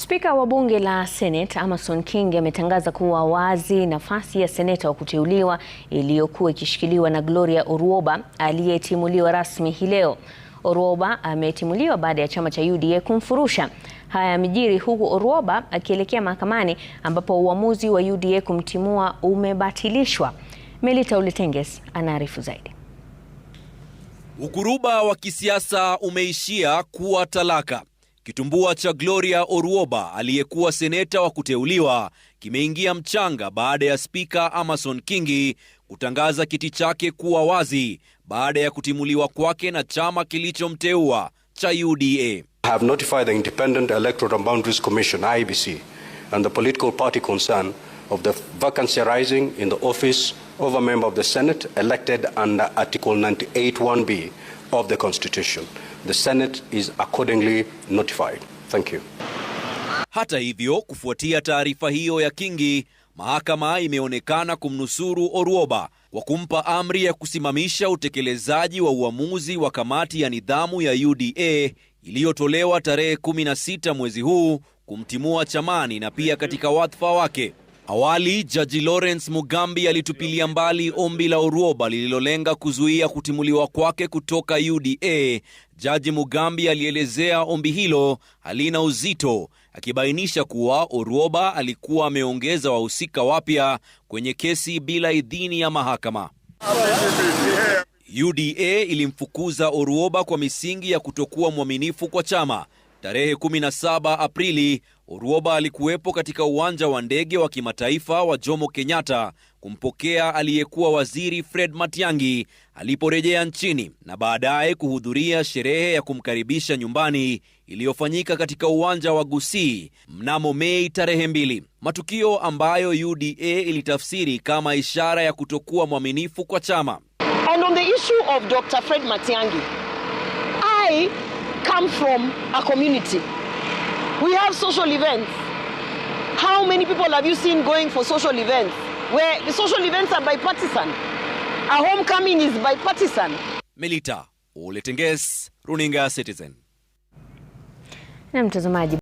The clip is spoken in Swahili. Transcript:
Spika wa bunge la Senate Amason king ametangaza kuwa wazi nafasi ya seneta wa kuteuliwa iliyokuwa ikishikiliwa na Gloria Orwoba aliyetimuliwa rasmi hii leo. Orwoba ametimuliwa baada ya chama cha UDA kumfurusha. Haya yamejiri huku Orwoba akielekea mahakamani ambapo uamuzi wa UDA kumtimua umebatilishwa. Melita Uletenges anaarifu zaidi. Ukuruba wa kisiasa umeishia kuwa talaka. Kitumbua cha Gloria Oruoba aliyekuwa seneta wa kuteuliwa kimeingia mchanga baada ya spika Amason Kingi kutangaza kiti chake kuwa wazi baada ya kutimuliwa kwake na chama kilichomteua cha UDA. I have notified the Independent Electoral Boundaries Commission IEBC and the political party concerned of the vacancy arising in the office of a member of the Senate elected under Article 98 1B of the Constitution. The Senate is accordingly notified. Thank you. Hata hivyo, kufuatia taarifa hiyo ya Kingi, mahakama imeonekana kumnusuru Oruoba kwa kumpa amri ya kusimamisha utekelezaji wa uamuzi wa kamati ya nidhamu ya UDA iliyotolewa tarehe 16 mwezi huu kumtimua Chamani na pia katika wadhifa wake. Awali Jaji Lawrence Mugambi alitupilia mbali ombi la Oruoba lililolenga kuzuia kutimuliwa kwake kutoka UDA. Jaji Mugambi alielezea ombi hilo halina uzito, akibainisha kuwa Oruoba alikuwa ameongeza wahusika wapya kwenye kesi bila idhini ya mahakama. UDA ilimfukuza Oruoba kwa misingi ya kutokuwa mwaminifu kwa chama. Tarehe 17 Aprili, Oruoba alikuwepo katika uwanja wa ndege wa kimataifa wa Jomo Kenyatta kumpokea aliyekuwa waziri Fred Matiang'i aliporejea nchini na baadaye kuhudhuria sherehe ya kumkaribisha nyumbani iliyofanyika katika uwanja wa Gusii mnamo Mei tarehe mbili, matukio ambayo UDA ilitafsiri kama ishara ya kutokuwa mwaminifu kwa chama. And on the issue of Dr. Fred Matiang'i come from a community. We have social events. How many people have you seen going for social events? Where the social events are bipartisan. A homecoming is bipartisan. Melita Oletenges, Runinga Citizen. Na mtazamaji